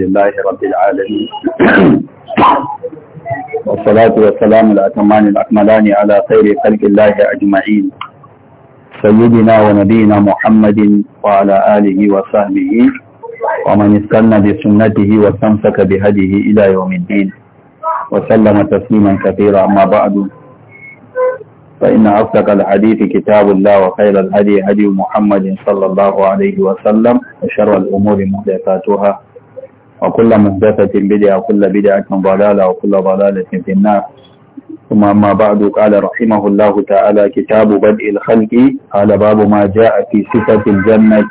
لله رب العالمين والصلاة والسلام الأتمان الأكملان على خير خلق الله أجمعين سيدنا ونبينا محمد وعلى آله وصحبه ومن استنى بسنته واستمسك بهديه إلى يوم الدين وسلم تسليما كثيرا أما بعد فإن أصدق الحديث كتاب الله وخير الهدي هدي محمد صلى الله عليه وسلم وشر الأمور محدثاتها وكل محدثة بدعة وكل بدعة ضلالة وكل ضلالة في النار ثم أما بعد قال رحمه الله تعالى كتاب بدء الخلق قال باب ما جاء في صفة الجنة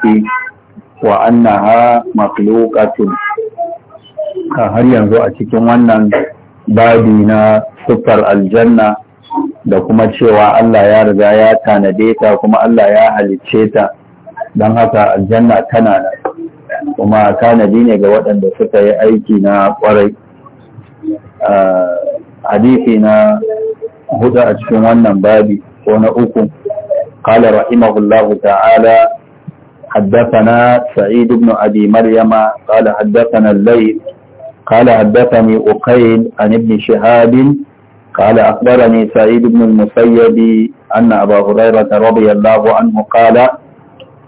وأنها مخلوقة هل ينظر أتكم أن بابنا سفر الجنة da kuma cewa Allah ya riga ya tanade ta kuma Allah ya halicce ta don haka aljanna tana nan kuma tanadi ne ga waɗanda suka yi aiki na ƙwarai hadisi na hudu a cikin wannan babi ko na uku قال rahimahullahu ta'ala تعالى حدثنا سعيد بن أبي مريم قال حدثنا الليل قال حدثني أقيل عن ابن شهاب قال أخبرني سعيد بن المسيب أن أبا هريرة رضي الله عنه قال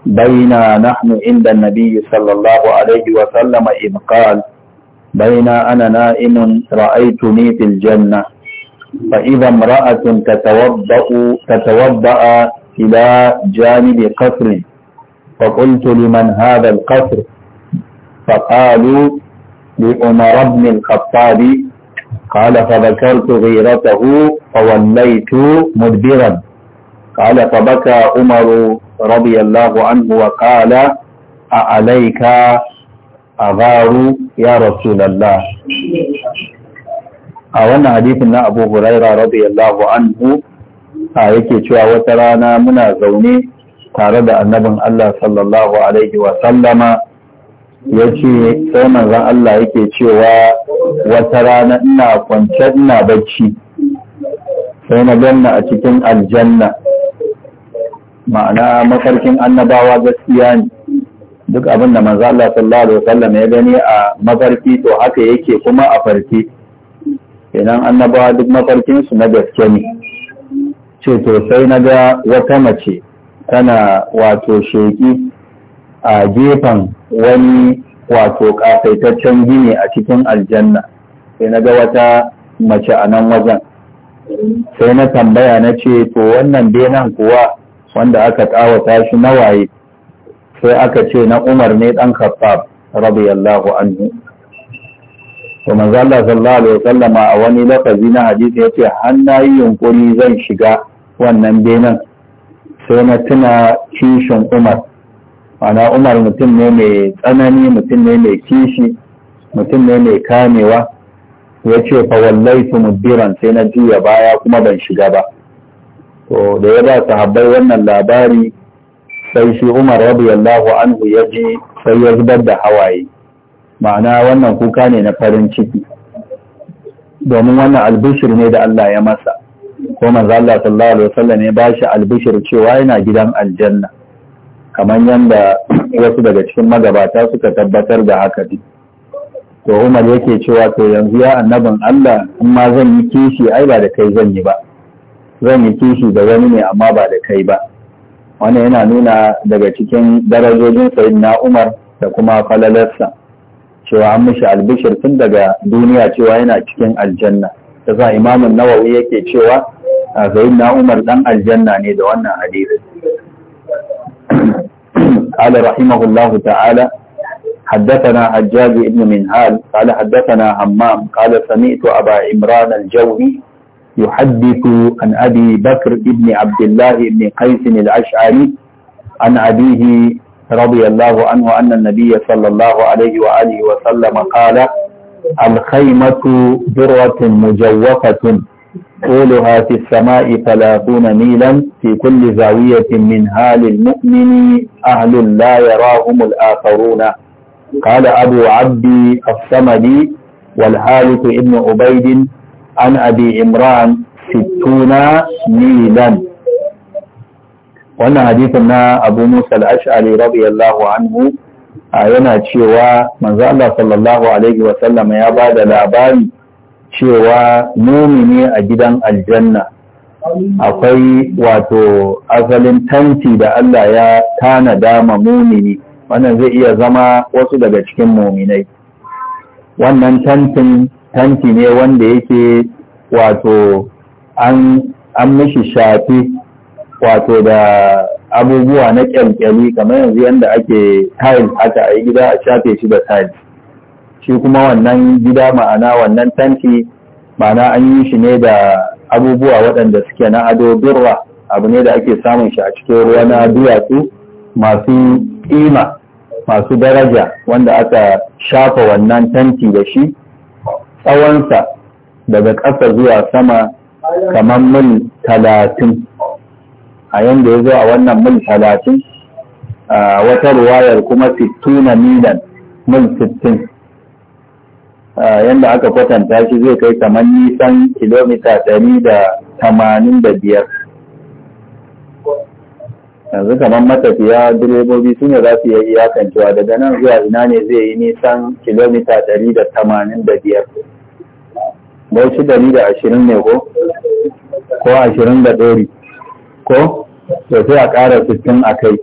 بين نحن عند النبي صلى الله عليه وسلم إذ قال بين أنا نائم رأيتني في الجنة فإذا امرأة تتوضأ تتوضأ إلى جانب قصر فقلت لمن هذا القصر فقالوا لأمر بن الخطاب قال فذكرت غيرته فوليت مدبرا قال فبكى عمر رضي الله عنه وقال أعليك أغار يا رسول الله A wannan أبو na رضي الله a yake cewa wata rana muna zaune tare da annabin Allah sallallahu Alaihi wasallama ya ce sai manzan Allah yake cewa wata rana ina kwance ina bacci sai na ganna a cikin aljanna ma'ana mafarkin annabawa gaskiya ne duk abin da manzo Allah sallallahu alaihi wasallam ya gani a mafarki to haka yake kuma a farki idan annabawa duk mafarkin su na gaske ne ce to sai na ga wata mace tana wato sheki a gefen wani wato kafaitaccen gini a cikin aljanna sai na ga wata mace a nan wajen sai na tambaya na ce to wannan benan kuwa wanda aka tashi shi waye, sai aka ce na umar ne dan khattab radiyallahu anhu to manzo Allah sallallahu alaihi wasallama a wani lafazi na hadisi yace har yi yunkuri zan shiga wannan benen? sai na tuna kishin Umar ana Umar mutum ne mai tsanani mutum ne mai kishi mutum ne mai kamewa yace fa wallahi mudiran sai na juya baya kuma ban shiga ba to da ya ba sahabbai wannan labari sai shi Umar radiyallahu anhu ya ji sai ya zubar da hawaye ma'ana wannan kuka ne na farin ciki domin wannan albishir ne da Allah ya masa ko manzo Allah sallallahu alaihi wasallam ya bashi albishir cewa yana gidan aljanna kamar yanda wasu daga cikin magabata suka tabbatar da haka din to Umar yake cewa to yanzu ya annabin Allah in ma zan yi kishi ai ba da kai zan yi ba zan yi kishi da wani ne amma ba da kai ba wannan yana nuna daga cikin darajojin sayin na umar da kuma falalarsa cewa an mishi albishir tun daga duniya cewa yana cikin aljanna ta za imamun nawawi yake cewa sayin na umar dan aljanna ne da wannan hadisi قال رحمه الله تعالى حدثنا حجاج بن منهال قال حدثنا همام قال سمعت أبا عمران الجوهي يحدث عن أبي بكر بن عبد الله بن قيس الأشعري عن أبيه رضي الله عنه أن النبي صلى الله عليه وآله وسلم قال الخيمة ذرة مجوفة طولها في السماء ثلاثون ميلا في كل زاوية منها للمؤمن أهل لا يراهم الآخرون قال أبو عبد الصمد والحارث ابن عبيد an abi imran sittuna milan wannan hadisin na abu musa al-ash'ari radiyallahu anhu yana cewa manzo Allah sallallahu alaihi wa ya ba da labari cewa mumini a gidan aljanna akwai wato asalin tanti da Allah ya tanada ma mumini wannan zai iya zama wasu daga cikin muminai wannan tantin tanti ne wanda yake wato an mishi shafi wato da abubuwa na kyalkyali kamar yanzu yadda ake tiles haka a gida a shafe shi da tiles shi kuma wannan gida ma'ana wannan tanti ma'ana an yi shi ne da abubuwa waɗanda suke na ado birra abu ne da ake samun shi a cikin ruwa na duwatsu masu ƙima masu daraja wanda aka shafa wannan tanti da shi tsawonsa daga ƙasa zuwa sama kamar mil talatin a yanda ya zo a wannan mil talatin a wata ruwayar kuma fituna milan mil sittin yanda aka kwatanta shi zai kai kamar nisan kilomita ɗari da tamanin da biyar yanzu kamar matafiya direbobi su ne za su iya iyakancewa daga nan zuwa ina ne zai yi nisan kilomita ɗari da tamanin da biyar shi dari da ashirin ne ko ko ashirin da ɗori ko da sai a ƙara sittin a kai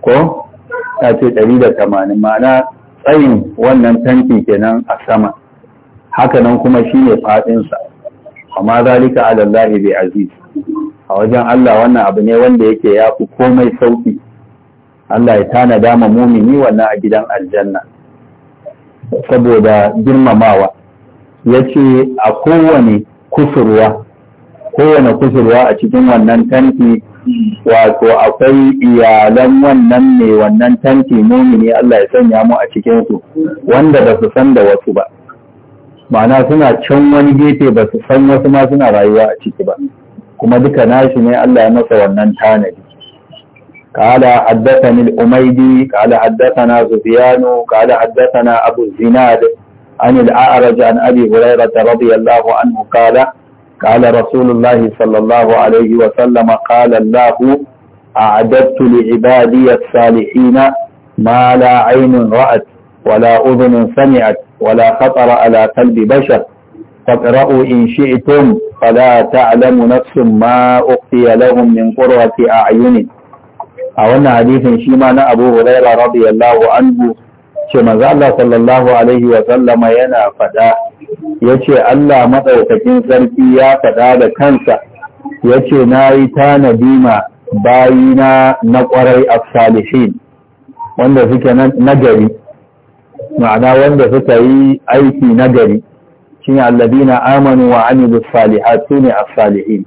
ko ta ce ɗari da tamanin ma'ana tsayin wannan tanki kenan a sama hakanan kuma shi ne faɗinsa amma zalika alallahi bai aziz a wajen Allah wannan abu ne wanda yake ya fi komai sauƙi Allah ya tana dama mumini wannan a gidan aljanna saboda girmamawa ya ce a kowane kusurwa kowane kusurwa a cikin wannan tanti wato akwai iyalan wannan ne wannan tanti mumini Allah ya sanya mu a cikinsu wanda ba su san da wasu ba Mana suna can wani gefe ba su san wasu ma suna rayuwa a ciki ba kuma duka nashi ne Allah ya masa wannan tanadi قال حدثني الأميدي قال حدثنا سفيان قال حدثنا أبو الزناد عن الأعرج عن أبي هريرة رضي الله عنه قال قال رسول الله صلى الله عليه وسلم قال الله أعددت لعبادي الصالحين ما لا عين رأت ولا أذن سمعت ولا خطر على قلب بشر فاقرأوا إن شئتم فلا تعلم نفس ما أخفي لهم من قرة أعين أولا حديث شيمان أبو هريرة رضي الله عنه ce maza Allah sallallahu alaihi wa sallama yana faɗa yace Allah maɗaukakin sarki ya faɗa da kansa yace nayi tanadima ma bayina na kwarai a salihin wanda suke nagari ma'ana wanda suka yi aiki nagari shine Allabina amanu wa amilus salihat ne a salihin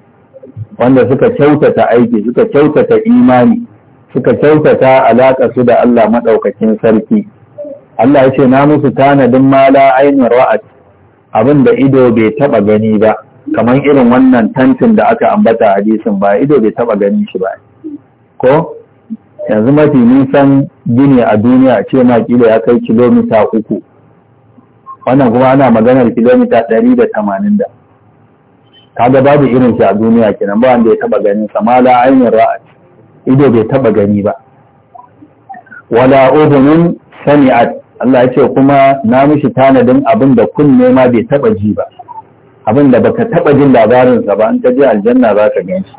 wanda suka kyautata aiki suka kyautata imani suka kyautata alaƙa su da Allah maɗaukakin sarki Allah ya ce na musu tanadin mala ainihin ra'ad abin da ido bai taba gani ba kamar irin wannan tantin da aka ambata hadisin ba ido bai taba gani shi ba ko yanzu mafi nisan gini a duniya ce ma kilo ya kai kilomita uku wannan kuma ana maganar kilomita ɗari da tamanin da kaga babu irin shi a duniya kenan ba wanda ya taba ganin sa mala ainihin ra'ad ido bai taba gani ba wala udhunun sami'at Allah ya ce kuma na mishi tanadin abin da kunne ma bai taba ji ba abin da baka taba jin labarinsa ba an ka je aljanna za ka gan shi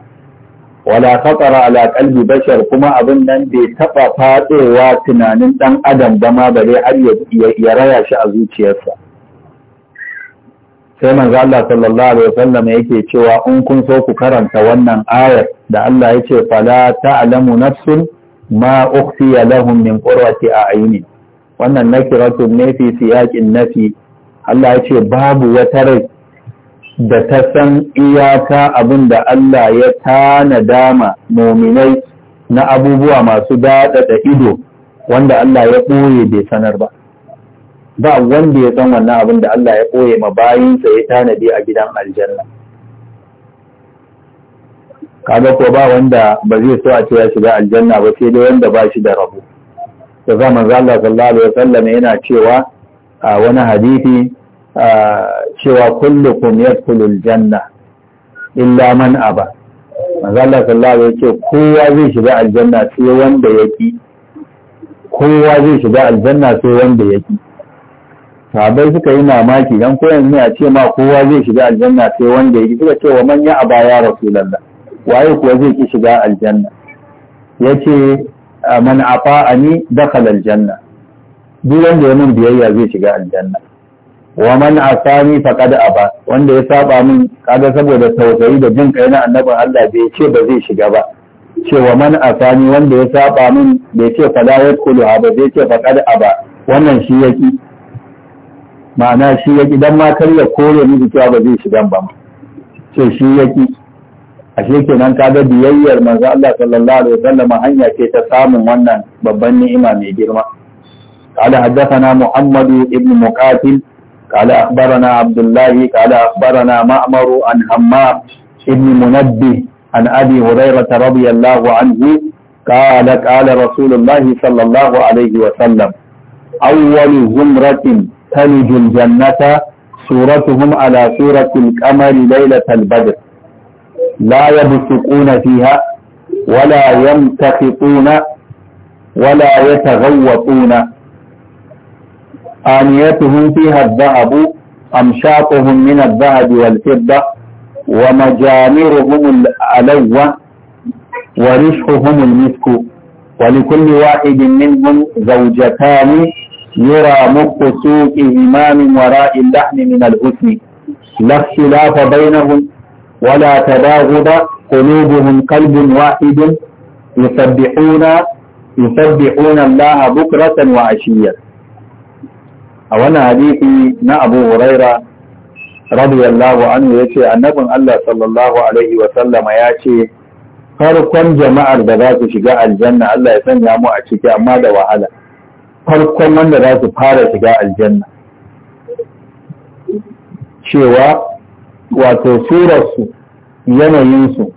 wala khatara ala qalbi bashar kuma abin nan bai taba faɗowa tunanin dan adam ba ma bare har ya raya shi a zuciyarsa sai manzo Allah sallallahu alaihi wasallam yake cewa in kun so ku karanta wannan ayar da Allah ya ce fala ta'lamu nafsun ma ukhfiya lahum min qurrati a'yunin wannan nakiratun ne fi siyaƙin nafi Allah ya ce babu wata rai da ta san iyaka abin da Allah ya tana dama mominai na abubuwa masu daɗaɗa ido wanda Allah ya ɓoye bai sanar ba ba wanda ya san wannan abin da Allah ya ɓoye ma bayinsa ya tanadi a gidan aljanna kaga ko ba wanda ba zai so a ce ya shiga aljanna ba sai dai wanda ba shi da rabo da za manzo Allah sallallahu alaihi wasallam yana cewa a wani hadisi cewa kullukum yadkhulul janna illa man aba manzo Allah sallallahu alaihi wasallam kowa zai shiga aljanna sai wanda yaki kowa zai shiga aljanna sai wanda yaki sahabai suka yi mamaki dan koyan ne a ce ma kowa zai shiga aljanna sai wanda yake suka ce wa man ya aba ya rasulullah waye kuwa zai shiga aljanna yace man ani dakhala aljanna duk wanda ya mun biyayya zai shiga aljanna wa man asani faqad aba wanda ya saba min kaga saboda tausayi da jin kai na annabin Allah bai ce ba zai shiga ba ce wa man asani wanda ya saba min bai ce fa la yadkhulu ba zai ce faqad aba wannan shi yaki ma'ana shi yaki dan ma kar kore miki cewa ba zai shiga ba ce shi yaki ashe kenan kaga biyayyar manzo Allah sallallahu alaihi wasallam hanya ce ta samun wannan babban ni'ima mai girma قال حدثنا محمد بن مقاتل قال أخبرنا عبد الله قال أخبرنا مأمر عن همام بن منبه عن أبي هريرة رضي الله عنه قال قال رسول الله صلى الله عليه وسلم أول زمرة تلج الجنة سورتهم على سورة القمر ليلة البدر لا يبتقون فيها ولا يمتقطون ولا يتغوطون آنيتهم فيها الذهب أمشاطهم من الذهب والفضة ومجامرهم الألوة ورشحهم المسك ولكل واحد منهم زوجتان يرى مخ سوء إمام وراء اللحم من الحسن لا اختلاف بينهم ولا تباغض قلوبهم قلب واحد يسبحون يسبحون الله بكرة وعشية أولا حديثي نا أبو هريرة رضي الله عنه يتي النبي الله صلى الله عليه وسلم يأتي farkon jama'ar da za su shiga aljanna Allah ya sanya mu a ciki amma da wahala farkon wanda za su fara shiga aljanna cewa wato surarsu yanayinsu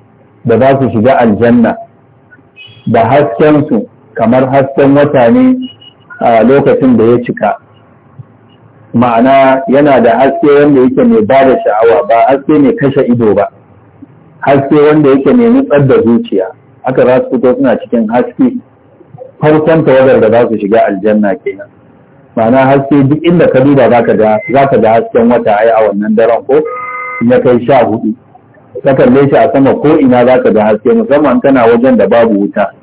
da za su shiga aljanna da haskensu kamar hasken wata ne a lokacin da ya cika ma'ana yana da haske wanda yake mai ba da sha'awa ba haske mai kashe ido ba haske wanda yake mai nutsar da zuciya aka za su fito suna cikin haske farkon tawagar da za su shiga aljanna kenan ma'ana haske duk inda ka duba za ka ga hasken wata ai a wannan daren ko ya kai sha hudu ka kalle shi a sama ko ina za ka da haske musamman kana wajen da babu wuta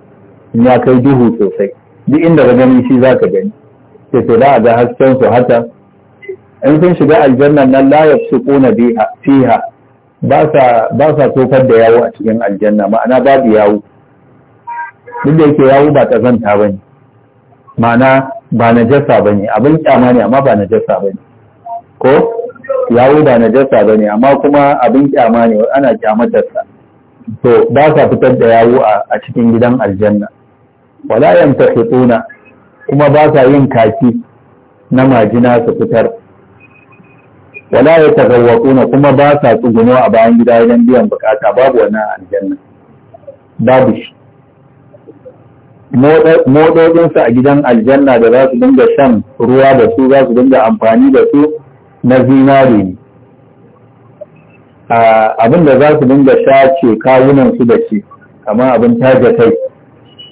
ya kai duhu sosai duk inda ka gani shi za ka gani sai to da a ga hasken su haka in sun shiga aljannan nan la yafsuquna fiha ba sa ba tofar da yawo a cikin aljanna ma'ana babu yawo duk da yake yawo ba kazanta bane ma'ana ba na jasa bane abin kyama ne amma ba na jasa bane ko yawo ba jasa ba ne amma kuma abin kyama ne ana kyamatarsa to ba sa fitar da yawo a cikin gidan aljanna wala ta fituna kuma ba sa yin kaki na majina su fitar wala ya yatagawwaquna kuma ba sa tsuguno a bayan gida idan biyan bukata babu wani aljanna babu shi mododinsu a gidan aljanna da za su dinga shan ruwa da su za su dinga amfani da su na zinari ne abin da za su dinga shace kawunansu da ce kamar abin kai,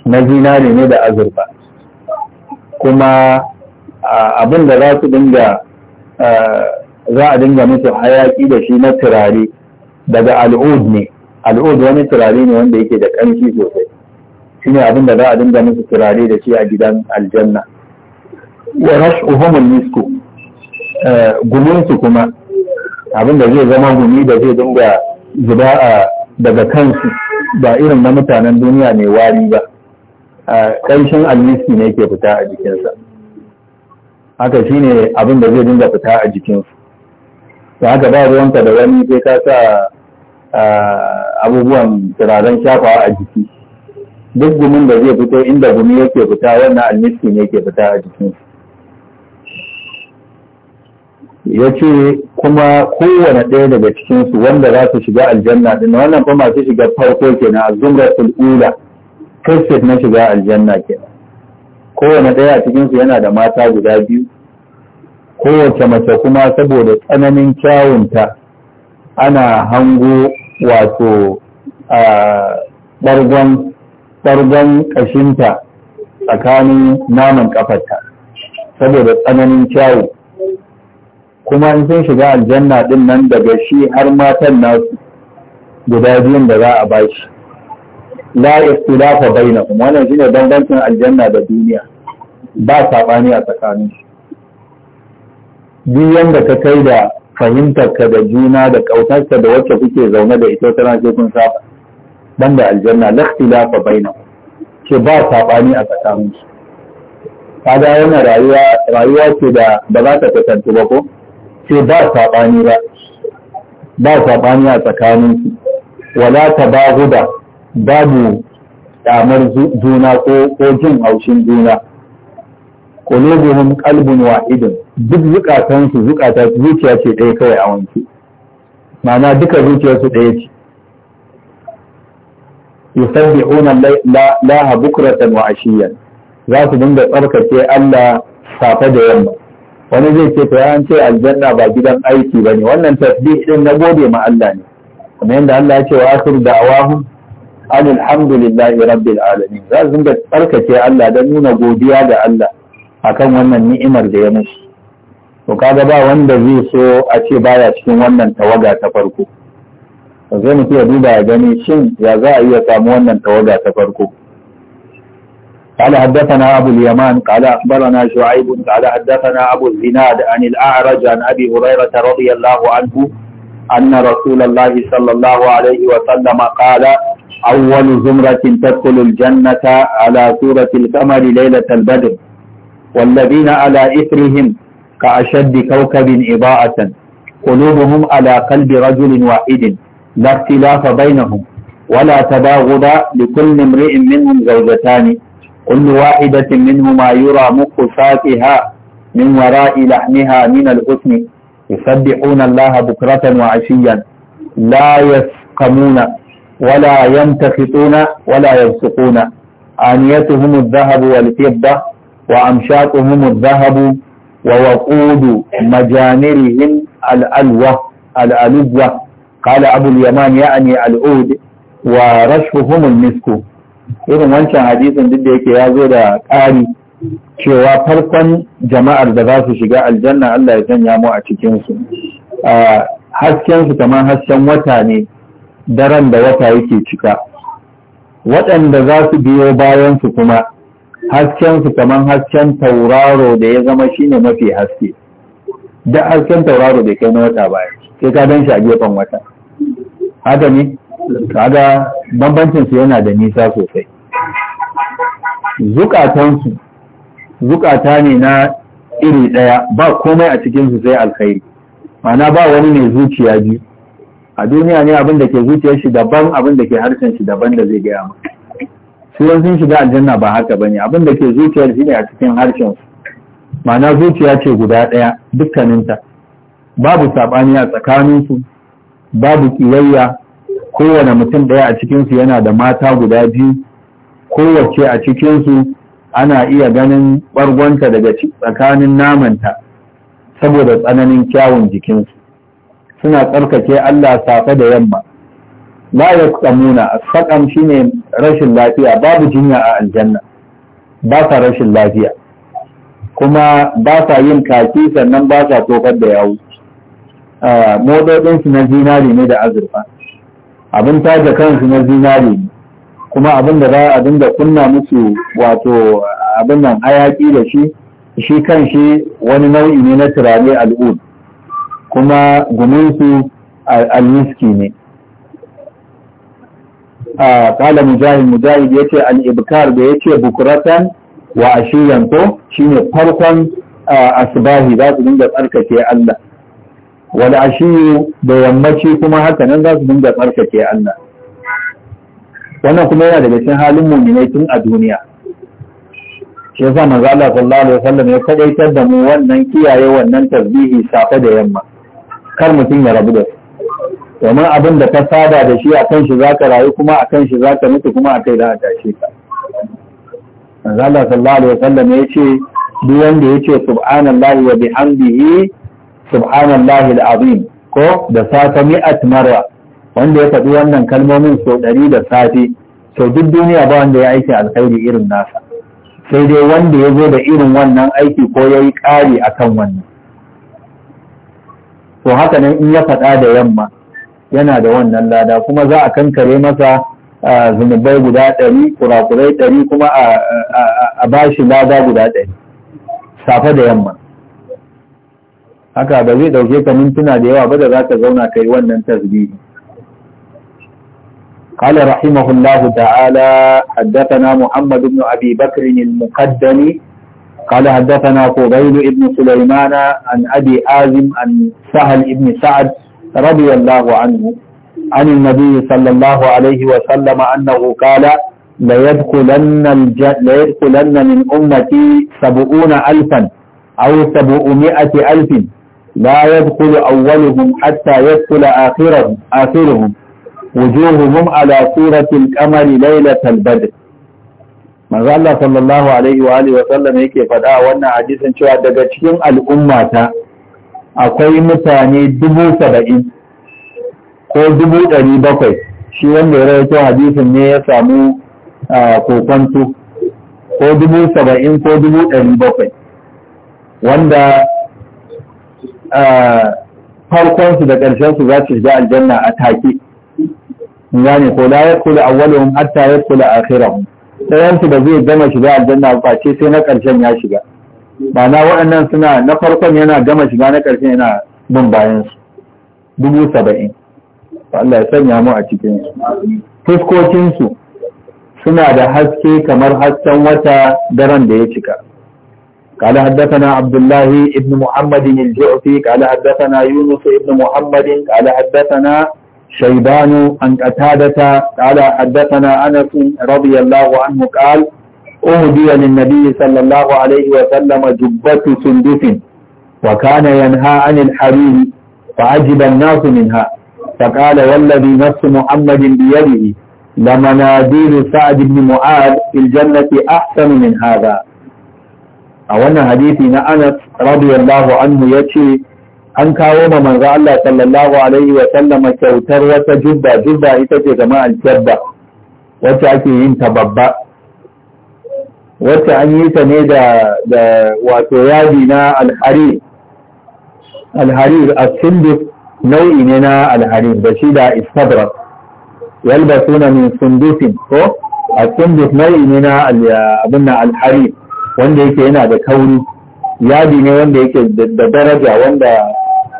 na zinari ne da azurfa kuma abin da za su dinga za a dinga musu hayaki da shi na turare daga al'ud ne al'ud wani turare ne wanda yake da ƙarfi sosai shi ne abin da za a dinga musu turare da shi a gidan aljanna wa rashu humul misku Eh, guminsu kuma abin da zai zama gumi da zai dinga zuba a daga kansu ba irin na mutanen duniya mai wari ba a eh, ƙarshen almisi ne ke fita a jikinsa haka shi ne abin da zai dinga fita a jikinsu da haka ba ruwanta da wani sai ka sa eh, abubuwan turaren shafa a jiki duk gumin da zai fito inda gumi yake fita wannan almisi ne ke fita a jikinsu ya ce kuma kowane ɗaya daga cikinsu wanda za su shiga aljanna din wannan kuma masu shiga farko kenan azumratul ula kasif na shiga aljanna kenan kowane ɗaya a cikinsu yana da mata guda biyu kowace mace kuma saboda tsananin kyawunta ana hango wato a ɓargon ƙashinta tsakanin naman ƙafarta saboda tsananin kyawu kuma in sun shiga aljanna din nan daga shi har matan nasu guda biyun da za a bashi la ikhtilafa bainahum wannan shine bambancin aljanna da duniya ba sabani a tsakanin su biyan da ka kai da fahimtarka da juna da kautarka da wacce kuke zaune da ita tana ce kun saba dan da aljanna la ikhtilafa bainahum ke ba sabani a tsakanin su kaga yana rayuwa rayuwa ce da ba za ta kasance ba ko ce ba saɓani ba ba saɓani a tsakaninsu wala ta baguda babu damar juna ko jin haushin juna qulubuhum kalbin wahidun duk zukatansu zukata zuciya ce ɗaya kawai a wanke Mana duka zuciyarsu ɗaya ce yusabbihuna laha bukratan wa ashiyan za su dinga tsarkake Allah safe da yamma wani zai ce to an ce aljanna ba gidan aiki ba ne wannan tasbih din na gode ma Allah ne Kuma yadda Allah ya ce wa akhir da'awahum alhamdulillahi rabbil alamin za su dinga tsarkake Allah don nuna godiya ga Allah akan wannan ni'imar da ya musu to kaga ba wanda zai so a ce baya cikin wannan tawaga ta farko zai mutu ya duba ya gani shin ya za a iya samu wannan tawaga ta farko قال حدثنا أبو اليمان قال أخبرنا شعيب قال حدثنا أبو الزناد عن الأعرج عن أبي هريرة رضي الله عنه أن رسول الله صلى الله عليه وسلم قال أول زمرة تدخل الجنة على سورة القمر ليلة البدر والذين على إثرهم كأشد كوكب إضاءة قلوبهم على قلب رجل واحد لا اختلاف بينهم ولا تباغض لكل امرئ منهم زوجتان كل واحدة منهما يرى مخ ساقها من وراء لحمها من الحسن يسبحون الله بكرة وعشيا لا يسقمون ولا يمتخطون ولا يبسقون آنيتهم الذهب والفضة وأمشاطهم الذهب ووقود مجانرهم الألوة الألوة قال أبو اليمان يعني العود ورشفهم المسك irin wancan hadisin duk da yake ya zo da ƙari cewa farkon jama'ar da za su shiga aljanna Allah ya sanya mu a cikinsu haskensu kamar hasken wata ne daren da wata yake cika waɗanda za su biyo bayansu kuma haskensu kamar hasken tauraro da ya zama shine mafi haske da hasken tauraro da kai na wata baya sai ka don shi a gefen wata haka ne kaga bambancin su yana da nisa sosai zukatansu zukata ne na iri ɗaya ba komai a cikin su sai alkhairi mana ba wani mai zuciya biyu a duniya ne abin da ke zuciyar shi daban abin da ke harshen shi daban da zai gaya ma. su sun shiga aljanna ba haka bane abin da ke zuciyar shi ne a cikin harshen su mana zuciya ce guda ɗaya dukkaninta babu saɓani a tsakaninsu babu ƙiyayya kowane mutum ɗaya a cikinsu yana da mata guda biyu kowace a cikinsu ana iya ganin ɓargonta daga tsakanin namanta saboda tsananin kyawun jikinsu suna tsarkake Allah safe da yamma la ya tsamuna shi shine rashin lafiya babu jinya a aljanna ba sa rashin lafiya kuma ba sa yin kaki sannan ba sa tofar da yawo ah, mododinsu na zinari ne da azurfa abin taje kansu na zinari kuma abin da za a dinga kunna musu wato abin nan hayaki da shi shi kan shi wani nau'i ne na turare al'ud kuma guminsu al-miski ne a kala mujahid mujahid ya ce al-ibkar da ya ce bukuratan wa ashiyan to shine farkon asbahi za su dinga tsarkake Allah Wani ashiyu da yammaci kuma haka nan za su dinga tsarkake Allah wannan kuma yana daga cikin halin mu'minai tun a duniya shi yasa manzo Allah sallallahu alaihi wasallam ya kadaitar da mu wannan kiyaye wannan tasbihi safe da yamma kar mutum ya rabu da su domin abin da ka saba da shi akan shi zaka rayu kuma akan shi zaka mutu kuma akai za a tashi ka manzo Allah sallallahu alaihi wasallam ya ce duk wanda ya ce subhanallahi wa bihamdihi subhanallahi al'azim ko da safe mi'at marra wanda ya faɗi wannan kalmomin sau ɗari da safe sau duk duniya ba wanda ya aiki alkhairi irin nasa sai dai wanda ya zo da irin wannan aiki ko ya yi ƙari a kan wannan to haka nan in ya faɗa da yamma yana da wannan lada kuma za a kankare masa zunubai guda ɗari kurakurai ɗari kuma a bashi lada guda ɗari safe da yamma haka ba zai dauke ka mintuna da yawa ba da za ka zauna kai wannan tasbihi قال رحمه الله تعالى حدثنا محمد بن أبي بكر المقدم قال حدثنا قبيل بن سليمان عن أبي آزم عن سهل بن سعد رضي الله عنه عن النبي صلى الله عليه وسلم أنه قال ليدخلن, الج... ليدخلن من أمتي سبعون ألفا أو سبعمائة ألف لا يدخل أولهم حتى يدخل آخرهم, آخرهم وجوههم على صورة القمر ليلة البدر manzo Allah sallallahu alaihi wa sallam yake faɗa wannan hadisin cewa daga cikin al'ummata akwai mutane dubu saba'in ko dubu ɗari bakwai shi wanda ya rawaito hadisin ne ya samu kokwanto ko dubu saba'in ko dubu ɗari bakwai wanda farkon su da ƙarshen su za su shiga aljanna a take yani ko la yadkhulu awwaluhum hatta kula akhirahum sayan su da zai gama shiga aljanna ba ce sai na ƙarshen ya shiga ma'ana waɗannan suna na farkon yana gama shiga na ƙarshen yana bin bayan su dubu saba'in Allah ya sanya mu a cikin su fuskokin su suna da haske kamar hasken wata daren da ya cika قال حدثنا عبد الله بن محمد الجعفي قال حدثنا يونس بن محمد قال حدثنا شيبان عن قتادة قال حدثنا أنس رضي الله عنه قال أهدي للنبي صلى الله عليه وسلم جبة سندس وكان ينهى عن الحرير فعجب الناس منها فقال والذي نفس محمد بيده لمناديل سعد بن معاذ في الجنة أحسن من هذا a wannan hadisi na Anas radiyallahu anhu yace an kawo ma manzo Allah sallallahu alaihi wa sallama kyautar wata jubba jubba ita ce kamar aljabba wacce ake yin ta babba wacce an yi ta ne da da wato yadi na alhari? alharir as-sindif nau'i ne na alhari da shi da istabra yalbasuna min sundufin ko as-sindif nau'i ne na abin alhari. wanda yake yana da kauri yadi ne wanda yake da daraja wanda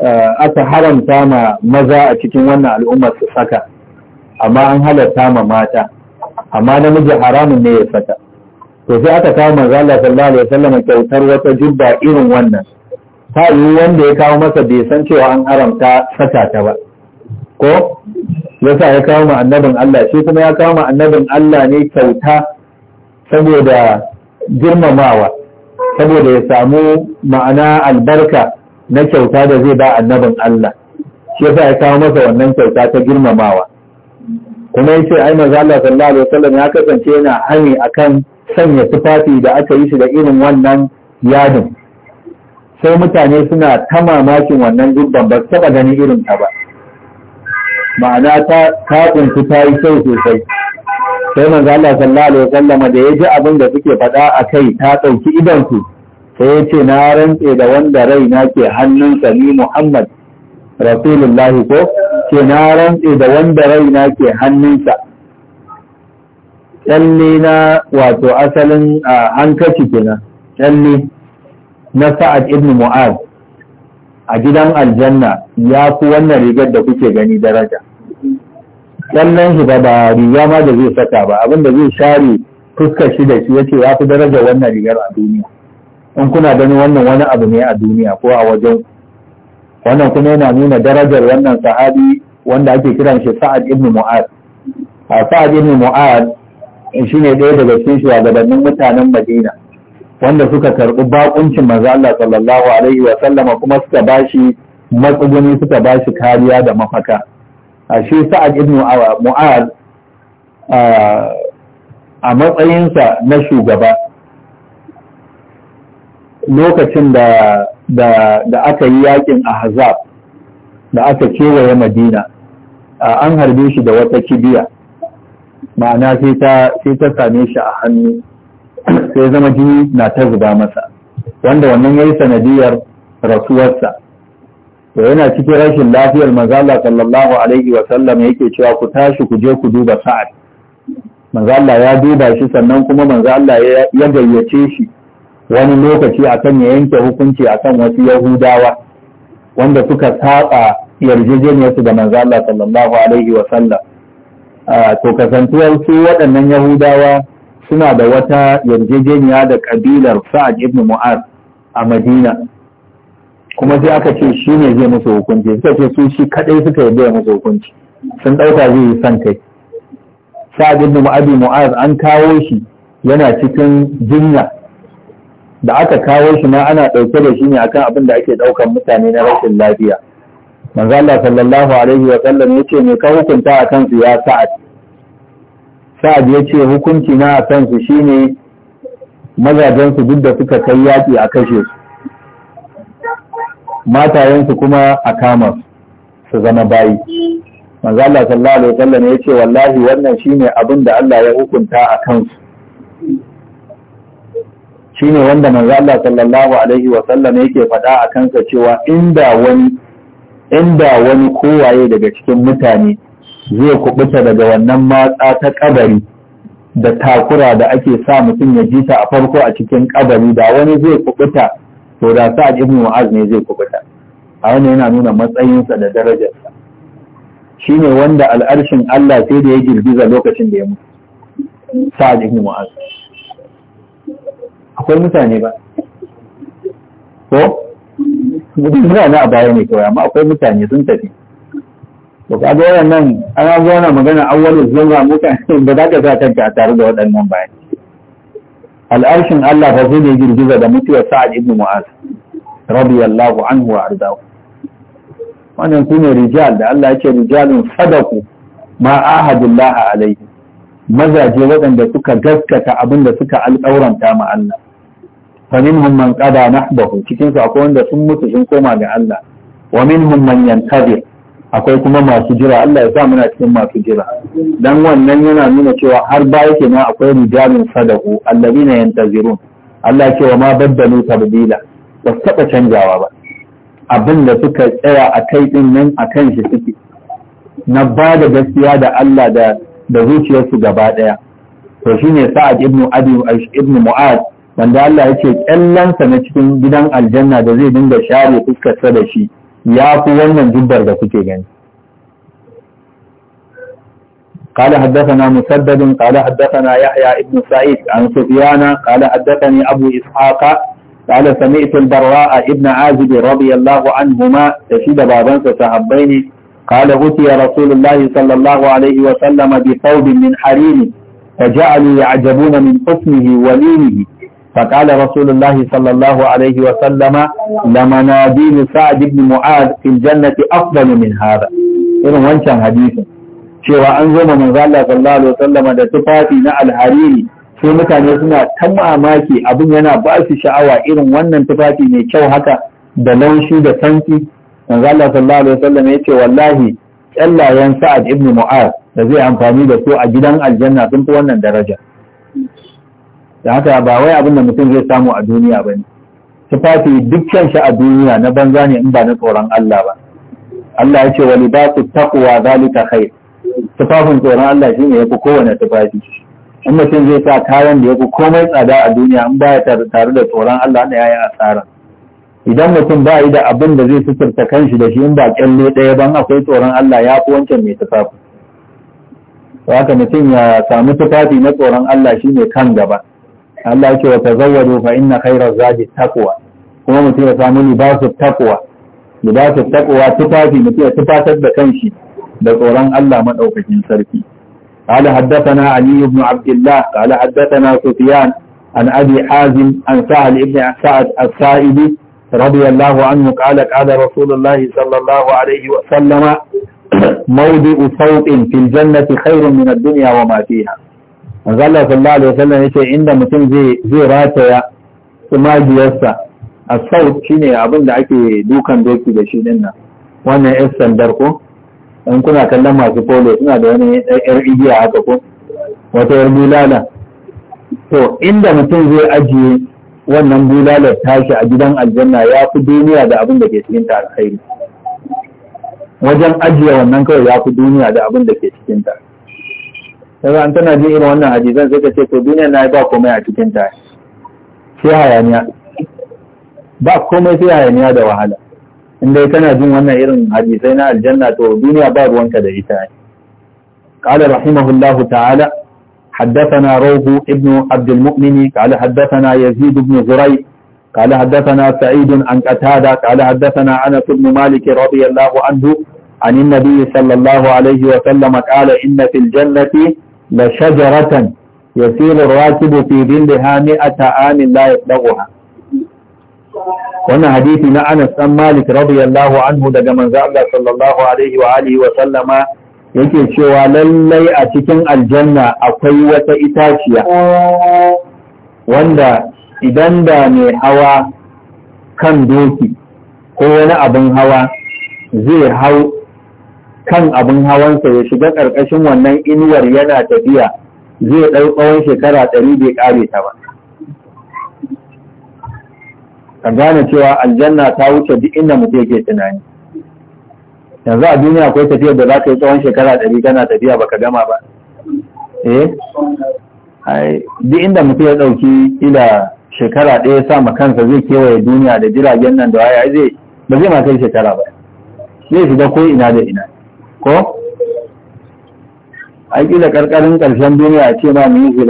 eh, aka haramta ma maza a cikin wannan al'ummar su saka amma an halarta ma mata amma namiji haramun ne ya saka to sai aka kawo manzo Allah sallallahu alaihi wasallam kyautar wata jubba irin wannan ta yi wanda ya kawo masa bai san cewa an haramta saka ta ba ko yasa ya kawo ma annabin Allah shi kuma ya kawo ma annabin Allah ne kyauta saboda girmamawa saboda ya samu ma'ana albarka na kyauta da zai ba annabin Allah shi yasa ya kawo masa wannan kyauta ta girmamawa kuma yace ai manzo Allah sallallahu alaihi wasallam ya kasance yana hani akan sanya tufafi da aka yi shi da irin wannan yadin sai mutane suna tamamakin wannan dubban ba taba ganin irin ta ba ma'ana ta ta ta yi kyau sosai sai manzo Allah sallallahu alaihi wasallama da yaji abin da suke faɗa a kai ta ɗauki idan su sai ya ce na rantse da wanda rai na ke hannunsa ni Muhammad Rasulullahi ko ce na rantse da wanda rai na ke hannunsa Ƙyalli na wato asalin hankaci kenan ƙyalli na Sa'ad ibn Mu'az a gidan aljanna ya fi wannan rigar da kuke gani daraja kyallon shi da ba riga ma da zai saka ba abin da zai share fuskar shi da shi yace ya fi daraja wannan rigar a duniya in kuna ganin wannan wani abu ne a duniya ko a wajen wannan kuma yana nuna darajar wannan sahabi wanda ake kiran shi sa'ad ibn mu'ad a sa'ad ibn mu'ad shi ne ɗaya daga cikin shugabannin mutanen madina wanda suka karɓi bakuncin manzo Allah sallallahu alaihi wa sallama kuma suka bashi matsuguni suka bashi kariya da mafaka Ashe sa'ad ibn mu'az a matsayinsa na shugaba lokacin da da aka yi yakin ahzab da aka kewaye madina an harbe shi da wata kibiya ma'ana sai ta same shi a hannu sai zama jini na ta zuba masa wanda wannan ya yi sanadiyar rasuwarsa to yana cikin rashin lafiyar manzala sallallahu alaihi wa sallam yake cewa ku tashi ku je ku duba sa'ad manzala ya duba shi sannan kuma manzala ya gayyace shi wani lokaci akan ya yanke hukunci akan wasu yahudawa wanda suka saba yarjejeniyarsu da manzala sallallahu alaihi wa sallam to kasantuwar su waɗannan yahudawa suna da wata yarjejeniya da kabilar sa'ad ibn mu'az a madina kuma sai aka ce shi ne zai musu hukunci suka ce su shi kadai suka yi musu hukunci sun ɗauka zai yi san kai sa'ad ibn mu'abi mu'az an kawo shi yana cikin jinya da aka kawo shi ma ana dauke da shi ne akan abin da ake daukan mutane na rashin lafiya manzo Allah sallallahu alaihi wa sallam yace me ka hukunta akan su ya sa'ad sa'ad yace hukunci na akan su shine mazajen su duk da suka kai yaki a kashe su matayensu kuma a kama su zama bayi manzo Allah sallallahu alaihi wasallam ya ce wallahi wannan shine abin da Allah ya hukunta a kansu shine wanda manzo Allah sallallahu alaihi wasallam yake faɗa a kansa cewa inda wani wani kowaye daga cikin mutane zai kubuta daga wannan matsa ta kabari da takura da ake sa mutum ya ji a farko a cikin kabari da wani zai kubuta to da sa'ad ibn mu'az ne zai kubuta a wannan yana nuna matsayinsa da darajarsa shine wanda al'arshin Allah sai da ya girgiza lokacin da ya mutu sa'ad ibn mu'az akwai mutane ba ko mutum mutane a baya ne kawai amma akwai mutane sun tafi to ka ga wannan ana zo na magana awwalul zurra mutane ba za ka sa kanka a tare da waɗannan bayani al'arshin Allah ba zai girgiza da mutuwar sa'ad ibn mu'az radiyallahu anhu wa ardahu wannan sune rijal da Allah yake Rijalin sadaku ma ahadullah alaihi mazaje waɗanda suka gaskata abin da suka alƙauranta ma Allah fa minhum man qada nahbahu cikin su akwai wanda sun mutu sun koma ga Allah wa minhum man yantazir akwai kuma masu jira Allah ya sa muna cikin masu jira dan wannan yana nuna cewa har ba baya kenan akwai rijalun sadaku alladina yantazirun Allah ya ce wa ma baddalu tabdila ba su taɓa canjawa ba abin da suka tsaya a kai din nan a kan shi suke na ba da gaskiya da Allah da da zuciyarsu gaba ɗaya to shine sa'ad ibn abi ibn mu'ad wanda Allah ya ce kyallansa na cikin gidan aljanna da zai dinga share sa da shi ya fi wannan jubbar da kuke gani قال حدثنا مسدد قال حدثنا يحيى بن سعيد عن سفيان قال حدثني أبو إسحاق قال سمعت البراء ابن عازب رضي الله عنهما تشيد بابان ستحبين قال غتي رسول الله صلى الله عليه وسلم بثوب من حرير فجعلوا يعجبون من حسنه ولينه فقال رسول الله صلى الله عليه وسلم لمناديل سعد بن معاذ في الجنة أفضل من هذا إنه وانشان حديثا cewa an zo ma manzo Allah da tufafi na alhariri sai mutane suna ta mamaki abin yana ba sha'awa irin wannan tufafi mai kyau haka da laushi da santi manzo Allah sallallahu ya ce wallahi kyallayen Sa'ad ibnu Mu'az da zai yi amfani da su a gidan aljanna sun fi wannan daraja da haka ba wai abin da mutum zai samu a duniya ba ne tufafi dukkan shi a duniya na banza ne in ba na tsoron Allah ba Allah ya ce wa libasu taqwa zalika khair tufafin tsoron Allah shi ya yafi kowane tufafi in mutum zai sa kayan da ya yafi komai tsada a duniya in ya tare da tsoron Allah ne yayi asara idan mutum ba yi da abin da zai suturta kanshi da shi in ba kyalle ɗaya ban akwai tsoron Allah ya fi wancan mai tufafin haka mutum ya samu tufafi na tsoron Allah shi ne kan gaba Allah ce wa tazawwadu fa inna khayra zadi taqwa kuma mutum ya samu libasu taqwa libasu taqwa tufafi mutum ya tufatar da kanshi da tsoron Allah madaukakin sarki قال حدثنا علي بن عبد الله قال حدثنا سفيان عن أبي حازم عن سهل بن سعد السائدي رضي الله عنه قال قال رسول الله صلى الله عليه وسلم موضع صوت في الجنة خير من الدنيا وما فيها manzo Allah sallallahu alaihi wasallam yace inda mutum zai zai rataya tsumagiyarsa a sau shine abin da ake dukan doki da shi din nan wannan yan sandar ko in kuna kallon masu polo suna da wani yar igiya haka ko wata yar bulala to inda mutum zai ajiye wannan bulalar tashi a gidan aljanna ya fi duniya da abin da ke cikin ta alkhairi wajen ajiye wannan kawai ya fi duniya da abin da ke cikin ta daga an tana jin irin wannan hadisan sai ta ce to duniya na ba komai a cikin ta sai hayaniya ba komai sai hayaniya da wahala inda tana jin wannan irin hadisai na aljanna to duniya ba ruwanka da ita قال رحمه الله تعالى حدثنا روح ابن عبد المؤمن قال حدثنا يزيد بن زريع قال حدثنا سعيد عن قتادة قال حدثنا أنس بن مالك رضي الله عنه عن النبي صلى الله عليه وسلم قال إن في الجنة لشجرة يسير الراكب في ظلها ta Amin لا يبلغها wannan hadisi na Anas dan Malik radiyallahu anhu daga manzo Allah sallallahu alaihi wa alihi wa sallama yake cewa lallai a cikin aljanna akwai wata itaciya wanda idan da mai hawa kan doki ko wani abin hawa zai hau kan abin hawansa ya shiga ƙarƙashin wannan inuwar yana tafiya zai ɗau tsawon shekara ɗari bai ƙare ta ba ka gane cewa aljanna ta wuce duk inda mutum yake tunani yanzu a duniya akwai tafiyar da za ka yi tsawon shekara ɗari kana tafiya baka gama ba eh duk inda mutum ya ɗauki ila shekara ɗaya sa ma kansa zai kewaye duniya da jiragen nan da waya zai ba zai ma kai shekara ba zai shiga ko ina da ina ko aiki da karkarin karshen duniya ce ma mu yi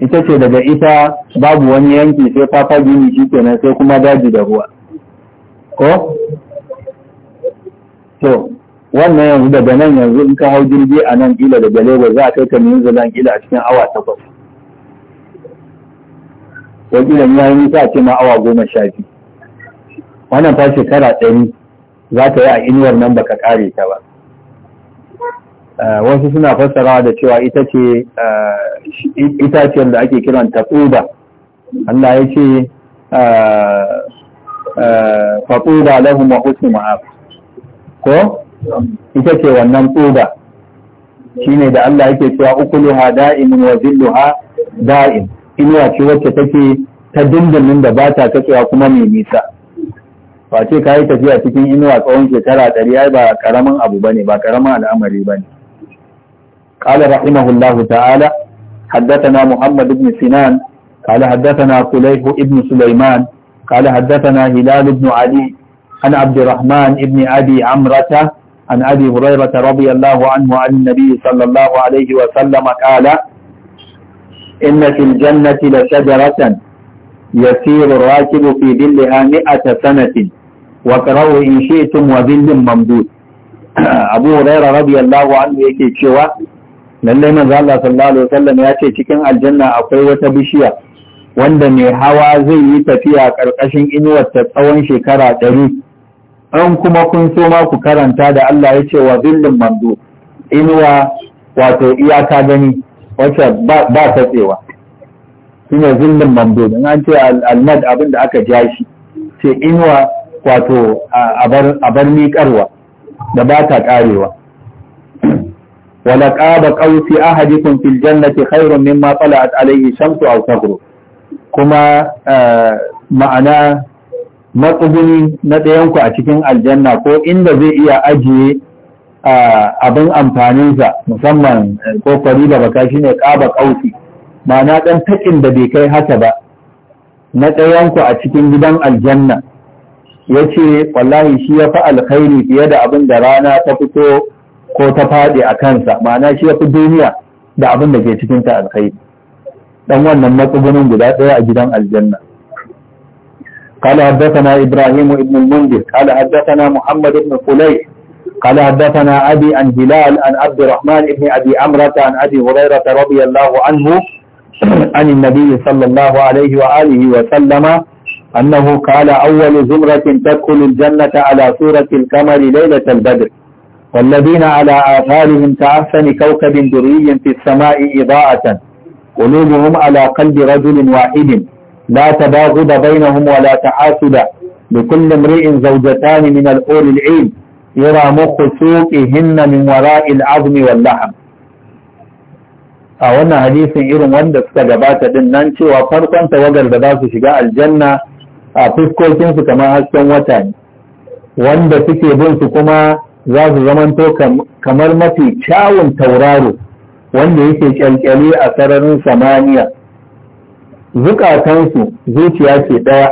ita ce daga ita babu wani yanki sai papa gini shi kenan sai kuma daji da ruwa ko to wannan yanzu daga nan yanzu in ka hau jirgi a nan kila daga lagos za a kai ka new zealand kila a cikin awa takwas ni ya yi nisa ce ma awa goma sha biyu wannan ta shekara ɗari za ta yi a inuwar nan baka kare ta ba eh, wasu suna fassara da cewa ita ce eh, itaciyar da ake kiran taɓuba Allah ya ce eh, faɓuba ba wa husnu ma'af ko ita ce wannan tsuba ne da Allah yake cewa ukuluha da'imun wa zilluha da'im inuwa ce wacce take ta dindindin da ba ta katsewa kuma mai nisa ba ce ka yi tafiya cikin inuwa tsawon shekara ɗari ai ba karamin abu bane ba karamin al'amari bane قال رحمه الله تعالى حدثنا محمد بن سنان قال حدثنا قليح بن سليمان قال حدثنا هلال بن علي عن عبد الرحمن بن أبي عمرة عن أبي هريرة رضي الله عنه عن النبي صلى الله عليه وسلم قال إن في الجنة لشجرة يسير الراكب في ظلها مئة سنة wa qara'u in shi'tum wa billin mamdud Abu Hurairah radiyallahu anhu yake cewa lallai manzo Allah sallallahu alaihi ya ce cikin aljanna akwai wata bishiya wanda mai hawa zai yi tafiya ƙarƙashin ta tsawon shekara ɗari an kuma kun so ma ku karanta da Allah ya ce wa zillin mando inuwa wato iyaka gani wacce ba ta tsewa shine zillin mando in an ce almad abin da aka ja shi ce inuwa wato a bar miƙarwa da ba ta ƙarewa wala ƙaba ƙausi ahadikum fil jannati khairun matsala a alayhi shamsu aw taghrub kuma ma'ana matsuguni na ɗayanku a cikin aljanna ko inda zai iya ajiye abin amfaninsa musamman eh, ko fari da baka shine ƙaba ƙausi ma'ana ɗan taƙin da bai kai haka ba na ɗayanku a cikin gidan aljanna ya ce wallahi shi ya fi alkhairi fiye da abin da rana ta fito ko ta faɗi a kansa ma'ana shi ya fi duniya da abin da ke cikin ta alkhairi dan wannan matsugunin guda ɗaya a gidan aljanna قال حدثنا إبراهيم بن المنذر قال حدثنا محمد بن فليح قال حدثنا أبي عن هلال عن عبد الرحمن بن أبي عمرة عن أبي هريرة رضي الله عنه عن النبي صلى الله عليه وآله وسلم أنه قال أول زمرة تدخل الجنة على سورة القمر ليلة البدر والذين على آثارهم كأحسن كوكب دري في السماء إضاءة قلوبهم على قلب رجل واحد لا تباغض بينهم ولا تحاسد لكل امرئ زوجتان من الأول العين يرى مخ سوقهن من وراء العظم واللحم a حديث hadisin irin كجبات suka gabata din nan cewa الجنة a fuskokinsu kamar hasken wata ne wanda suke bin su kuma za su zamanto kamar mafi kyawun tauraro wanda yake kyalkyale a sararin samaniya zukatansu zuciya ce ɗaya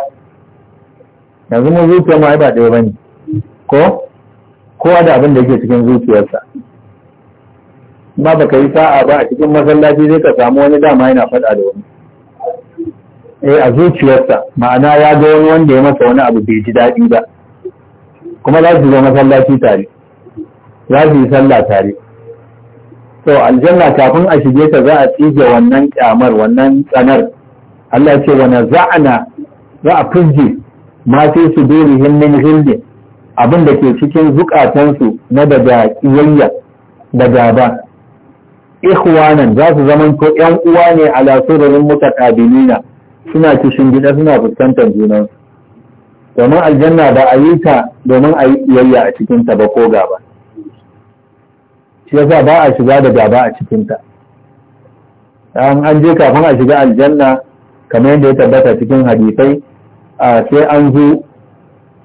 yanzu mun zuciya ma ba ɗaya bane ko kowa da abin da yake cikin zuciyarsa ba baka yi sa'a ba a cikin masallaci zai ka samu wani dama yana faɗa da wani eh a zuciyarsa ma'ana ya ga wani wanda ya masa wani abu bai ji daɗi ba kuma za su zo masallaci tare za su yi sallah tare to aljanna kafin a shige ta za a tsige wannan kyamar wannan tsanar Allah ce wani za'ana za a fuzge ma sai su dori hinnin hilde abin da ke cikin zukatansu na daga kiyayya da gaba ikhwanan za su zama ko ƴan uwa ne ala sururin mutaqabilina suna kishin gida suna fuskantar junansu domin aljanna ba a yi ta domin a yi iyayya a cikinta ba ko gaba shi yasa ba a shiga da gaba a cikinta an an je kafin a shiga aljanna kamar yadda ya tabbata cikin hadisai a sai an zo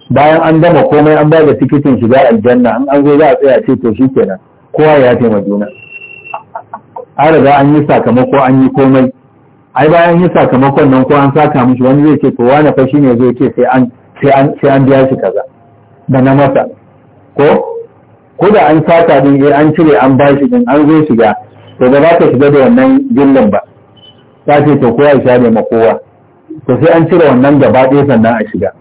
bayan an dama komai an ba da tikitin shiga aljanna an an zo za a tsaya ce to shikenan kowa ya taimaka juna an riga an yi sakamako an yi komai ai bayan yin sakamakon nan ko an saka mishi wani zai ce to wani fa shine zai ce sai an sai an biya shi kaza da na masa ko ko da an saka din eh an cire an bashi din an zo shiga to ba za ka shiga da wannan gillan ba ta ce to ko ya share ma kowa to sai an cire wannan gaba ɗaya sannan a shiga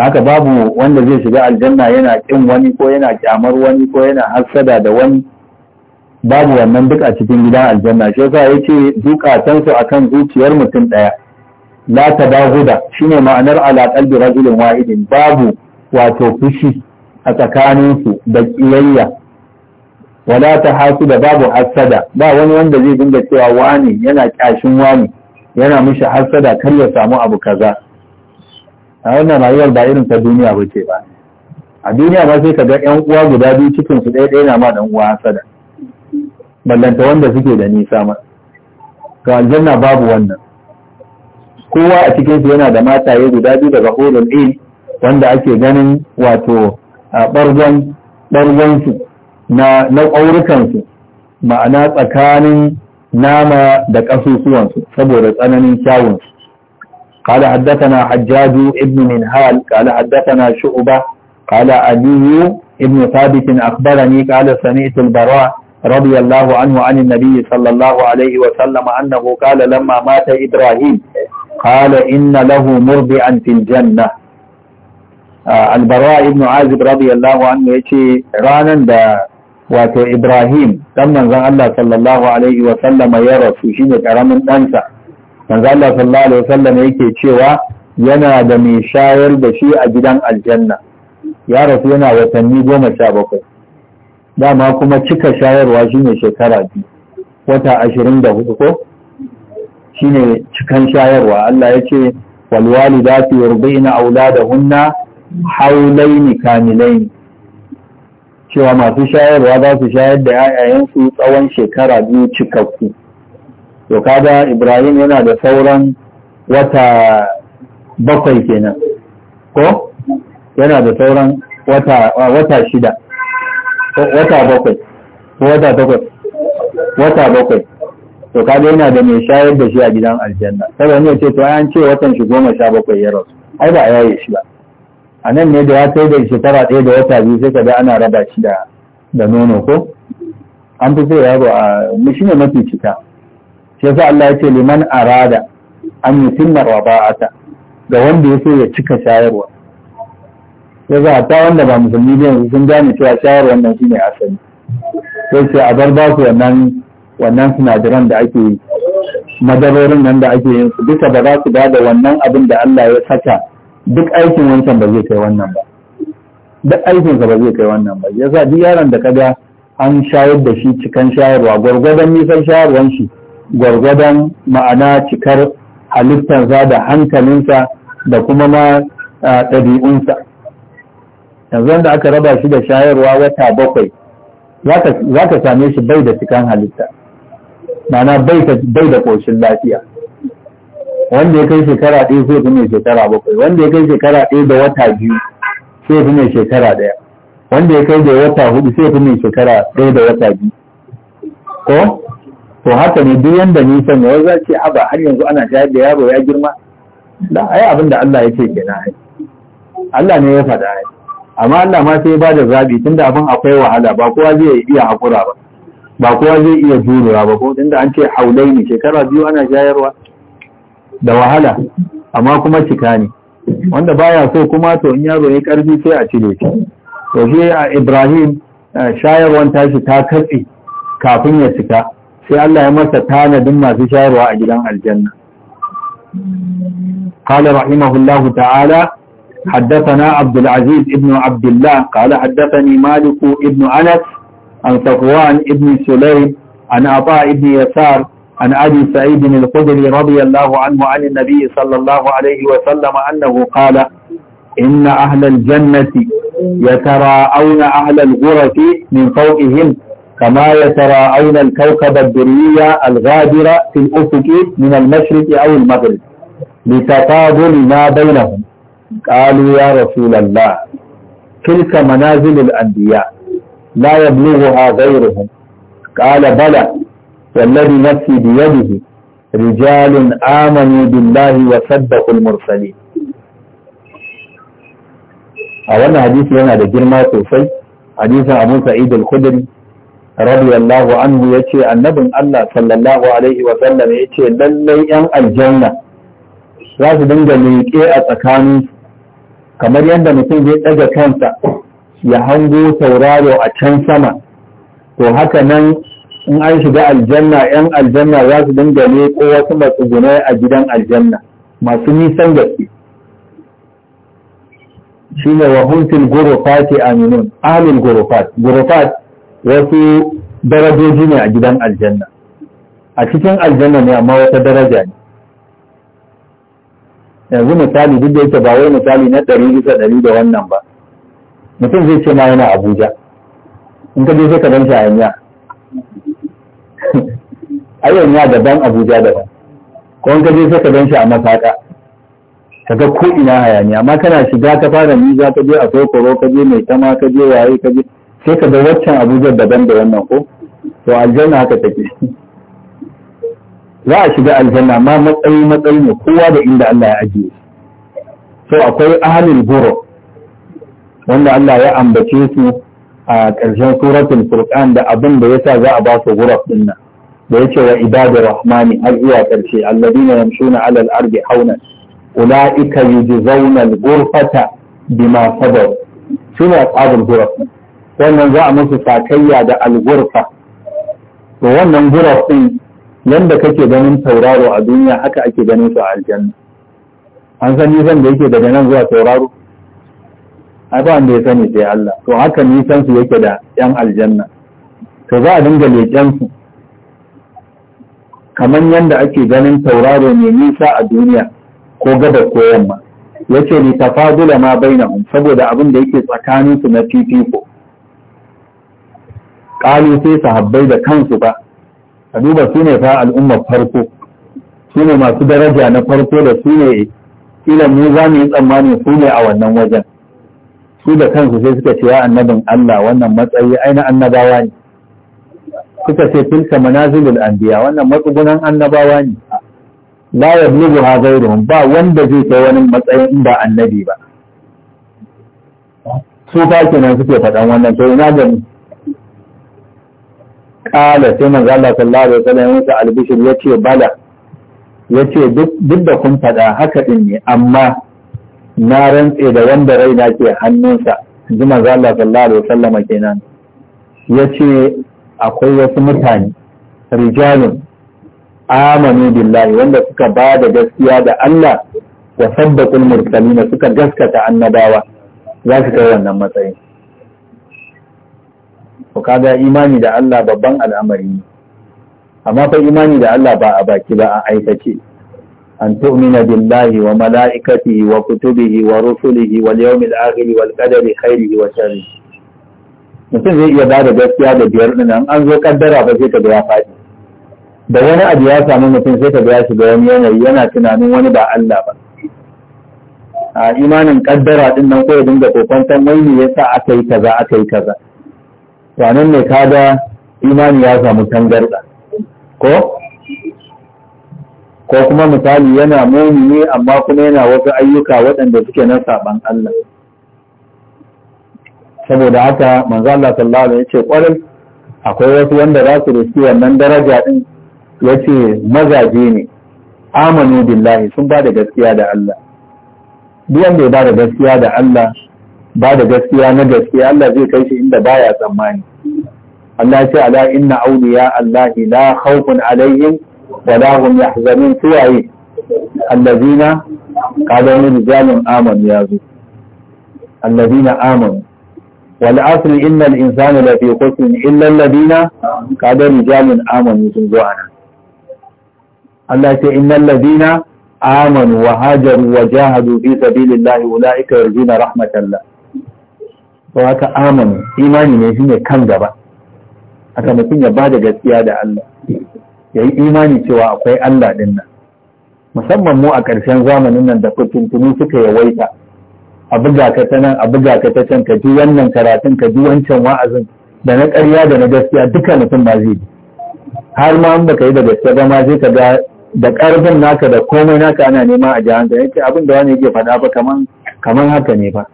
haka babu wanda zai shiga aljanna yana kin wani ko yana kyamar wani ko yana hassada da wani babu wannan duk a cikin gidan aljanna shi yasa yace dukatan su akan zuciyar mutum daya la tadaguda shine ma'anar ala qalbi rajulin wahidin babu wato fushi a tsakanin su da kiyayya wala tahasu da babu hasada ba wani wanda zai dinga cewa wani yana kyashin wani yana mishi hasada kar ya samu abu kaza a wannan rayuwar ba irin ta duniya ba ce ba a duniya ba sai ka ga yan uwa guda biyu cikin su ɗaya ɗaya na ma dan uwa hasada ballanta wanda suke da nisa ma to aljanna babu wannan kowa a cikin su yana da mataye guda biyu daga hulul ain wanda ake ganin wato a bargon su na na aurukan su ma'ana tsakanin nama da kasusuwan su saboda tsananin kyawun su قال حدثنا حجاج ابن منهال قال حدثنا شعبة قال علي ابن ثابت أخبرني قال سمعت البراء رضي الله عنه عن النبي صلى الله عليه وسلم أنه قال لما مات إبراهيم قال إن له مربعا في الجنة البراء بن عازب رضي الله عنه يتي رانا دا wato Ibrahim dan manzon Allah sallallahu alaihi wa sallama ya rasu shine karamin ɗansa manzon Allah sallallahu alaihi wa sallama yake cewa yana da mai shayar da shi a gidan aljanna ya rasu yana watanni goma sha bakwai dama kuma cika shayarwa shine shekara biyu wata ashirin da hudu ko shine cikan shayarwa Allah ya ce walwalidatu da auladahunna haulaini kamilaini cewa masu shayarwa za su shayar da 'ya'yayensu tsawon shekara biyu cikakku to kada Ibrahim yana da sauran wata bakwai kenan ko yana da sauran wata shida wata bakwai wata bakwai wata bakwai to kaga yana da mai shayar da shi a gidan aljanna sai ya ce to an ce watan shi goma sha bakwai ya rasu ai ba a yaye shi ba anan ne da ya kai da shekara ɗaya da wata biyu sai ka ga ana raba shi da da nono ko an fi so yaro a mishi ne mafi cika shi yasa Allah ya ce liman arada an yutimma raba'ata ga wanda ya so ya cika shayarwa ya za ta wanda ba musulmi ne yanzu sun gane cewa shayar wannan shine asali sai ce a bar ba su wannan wannan sinadaran da ake yi madarorin nan da ake yin su duka ba za su ba da wannan abin da Allah ya saka duk aikin wancan ba zai kai wannan ba duk aikinsa ba zai kai wannan ba yasa duk yaron da kaga an shayar da shi cikan shayarwa gwargwadon nisan shayarwan shi gwargwadon ma'ana cikar halittarsa da hankalinsa da kuma ma eh, ɗabi'unsa yanzu wanda aka raba shi da shayarwa wata bakwai za ka same shi bai da cikin halitta mana bai da ƙoshin lafiya wanda ya kai shekara ɗaya sai fi mai shekara bakwai wanda ya kai shekara ɗaya da wata biyu sai fi mai shekara ɗaya wanda ya kai da wata hudu sai fi mai shekara ɗaya da wata biyu ko to haka ne duk yanda nisan ya za ce aba har yanzu ana shayar da yaro ya girma da ai abin da Allah ya ce kenan ai Allah ne ya faɗa ai amma Allah ma sai ya bada zabi tunda abin akwai wahala ba kowa zai iya hakura ba ba kowa zai iya jurewa ba ko tunda an ce haulai shekara biyu ana shayarwa da wahala amma kuma cika ne wanda baya so kuma to in yaro ya karfi sai a cire shi to sai a Ibrahim shayarwan tashi ta katse kafin ya cika sai Allah ya masa tanadin masu shayarwa a gidan aljanna قال رحمه الله تعالى حدثنا عبد العزيز ابن عبد الله قال حدثني مالك ابن أنس عن صفوان ابن سليم عن عطاء ابن يسار عن أبي سعيد الخدري رضي الله عنه عن النبي صلى الله عليه وسلم أنه قال إن أهل الجنة يتراءون أهل الغرف من فوقهم كما يتراءون الكوكب الدرية الغادرة في الأفق من المشرق أو المغرب لتفاضل ما بينهم قالوا يا رسول الله تلك منازل الأنبياء لا يبلغها غيرهم قال بلى والذي نفسي بيده رجال آمنوا بالله وصدقوا المرسلين a wannan hadisi yana da girma sosai hadisin abu sa'id al-khudri radiyallahu anhu yace annabin Allah sallallahu alaihi wa sallam yace lallai yan aljanna za su dinga leƙe a tsakanin kamar yadda mutum zai ɗaga kansa ya hango tauraro a can sama to haka nan in an shiga aljanna yan aljanna za su dinga ne ko wasu matsugunai a gidan aljanna masu nisan gaske shi ne wa huntil gurufati aminun ahlul gurufat gurufat wasu darajoji ne a gidan aljanna a cikin aljanna ne amma wata daraja ne yanzu misali duk da yake ba wai misali na ɗari bisa ɗari da wannan ba mutum zai ce ma yana abuja in ka je sai ka gan shi a yanya a yanya daban abuja daban ko in ka je sai ka gan shi a masaka ka ga ko ina hayaniya amma kana shiga ka fara ni za ka je a sokoro ka je mai tama ka je waye ka je sai ka ga waccan abuja daban da wannan ko to aljanna haka take za a shiga aljanna ma matsayi matsayi ne kowa da inda Allah ya ajiye to akwai ahlul buru wanda Allah ya ambace su a ƙarshen suratul furqan da abin da yasa za a ba su guraf din nan da yake wa ibadur rahmani har zuwa ƙarshe alladina yamshuna alal ardi hauna ulaika yujzauna al-ghurfata bima sabaru Suna tsabar ghuraf wannan za a musu sakayya da al-ghurfa to wannan guraf din yanda kake ganin tauraro a duniya haka ake ganin su a aljanna an san nisan da yake daga nan zuwa tauraro ai ba wanda ya sani sai Allah to haka nisan su yake da yan aljanna to za a dinga leƙen su kamar yanda ake ganin tauraro mai nisa a duniya ko gabas ko yamma yace ni tafadula ma bainahum saboda abin da yake tsakanin su na fifiko kalu sai sahabbai da kansu ba ka duba su ne fa al'ummar farko su ne masu daraja na farko da su ne ilimin mu za mu yi tsammanin su ne a wannan wajen su da kansu sai suka ce ya annabin Allah wannan matsayi aina annabawa ne suka ce tilka manazilul anbiya wannan matsugunan annabawa ne la yablughu ha ba wanda zai kai wani matsayin ba annabi ba su fa kenan suke faɗan wannan to ina da kala sai manzo Allah sallallahu alaihi wasallam ya ce albishir yace bala yace duk da kun fada haka din ne amma na rantse da wanda raina ke hannunsa jima manzo Allah sallallahu alaihi wasallam kenan yace akwai wasu mutane rijalun amanu billahi wanda suka ba da gaskiya da Allah wa sabbaqul mursalin suka gaskata annabawa za su kai wannan matsayin ko kaga imani da Allah babban al'amari ne amma fa imani da Allah ba a baki ba a aikace an tu'mina billahi wa mala'ikatihi wa kutubihi wa rusulihi wal yawmil akhir wal qadari khairihi wa sharrihi mutum zai iya bada gaskiya da biyar din an zo kaddara ba sai ka ga fadi. da wani abu ya samu mutum sai ka ga shi ga wani yanayi yana tunanin wani ba Allah ba a imanin kaddara din nan ko ya dinga kokon wai me yasa aka yi kaza aka yi kaza to anan ne kaga imani ya samu tangarda ko ko kuma misali yana muni ne amma kuma yana wasu ayyuka waɗanda suke na saban Allah saboda haka manzo Allah sallallahu alaihi wasallam ya ce kwarai akwai wasu wanda za su riski wannan daraja din yace mazaje ne amanu billahi sun ba da gaskiya da Allah duk wanda ya ba da gaskiya da Allah ba da gaskiya na gaskiya Allah zai kai shi inda baya tsammani Allah ce ala inna awliya Allah la khawfun alaihim wa la hum yahzanun suwaye allazina qala min rijalun aman yazu zu allazina amanu wal asr inna al insana la fi khusr illa alladina qala rijalun amanu sun zo Allah ce inna alladina amanu wa hajaru wa jahadu fi sabilillahi ulaika yarjuna rahmatallah ba haka amani, imani ne shine kan gaba haka mutum ya ba da gaskiya da Allah ya yi imani cewa akwai Allah din nan musamman mu a ƙarshen zamanin nan da kututuni suka yawaita a buga ka ta nan a buga ka ta can ka ji wannan karatun ka ji wancan wa'azin da na ƙarya da na gaskiya duka mutum ba zai har ma in baka yi da gaskiya ba ma zai ka ga da ƙarfin naka da komai naka ana nema a jihar da yake abin da wani yake faɗa ba kaman haka ne ba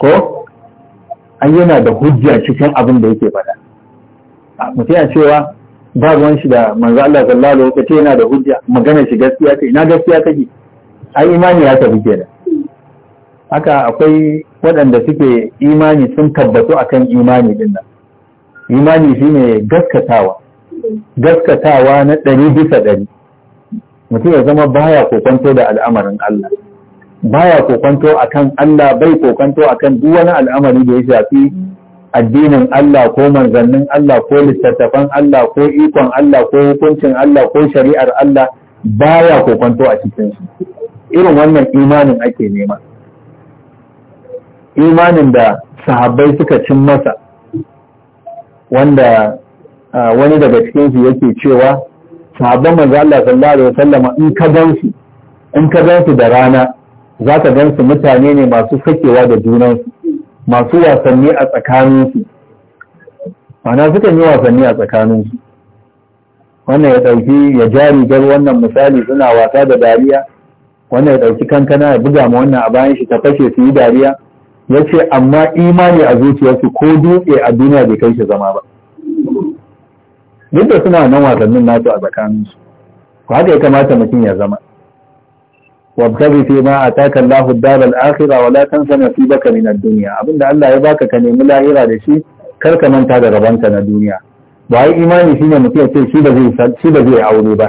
ko an yana da hujja cikin abin da yake faɗa mutum ya cewa ba ruwan shi da manzo Allah sallallahu alaihi wasallam yana da hujja magana shi gaskiya kai Na gaskiya kake ai imani ya tafi kenan haka akwai waɗanda suke imani sun tabbatu akan imani din nan imani shine gaskatawa gaskatawa na ɗari bisa ɗari mutum ya zama baya kokonto da al'amarin Allah baya kokonto akan Allah bai kokonto akan duk wani al'amari da ya shafi addinin Allah ko manzannin Allah ko littattafan Allah ko ikon Allah ko hukuncin Allah ko shari'ar Allah baya kokonto a cikin shi irin wannan imanin ake nema imanin da sahabbai suka cin masa wanda wani daga cikin su yake cewa sahabban manzo Allah sallallahu alaihi wasallam in ka gansu in ka gansu da rana za ka gan su mutane ne masu sakewa da junansu masu wasanni a tsakaninsu mana suka yi wasanni a tsakaninsu wannan ya ɗauki ya ja rigar wannan misali suna wasa da dariya wannan ya ɗauki kankana ya buga ma wannan a bayan shi ta fashe su yi dariya ya ce amma imani a zuciyarsu ko dutse a duniya bai kai shi zama ba duk da suna nan wasannin nasu a tsakaninsu ko haka ya kamata mutum ya zama wabtabi fi ma ataka Allah ad-dar al-akhirah wa la tansa nasibaka min ad-dunya abinda Allah ya baka ka nemi lahira da shi kar ka manta da rabanta na duniya ba yi imani shine mutum ya ce shi ba zai shi ba zai aure ba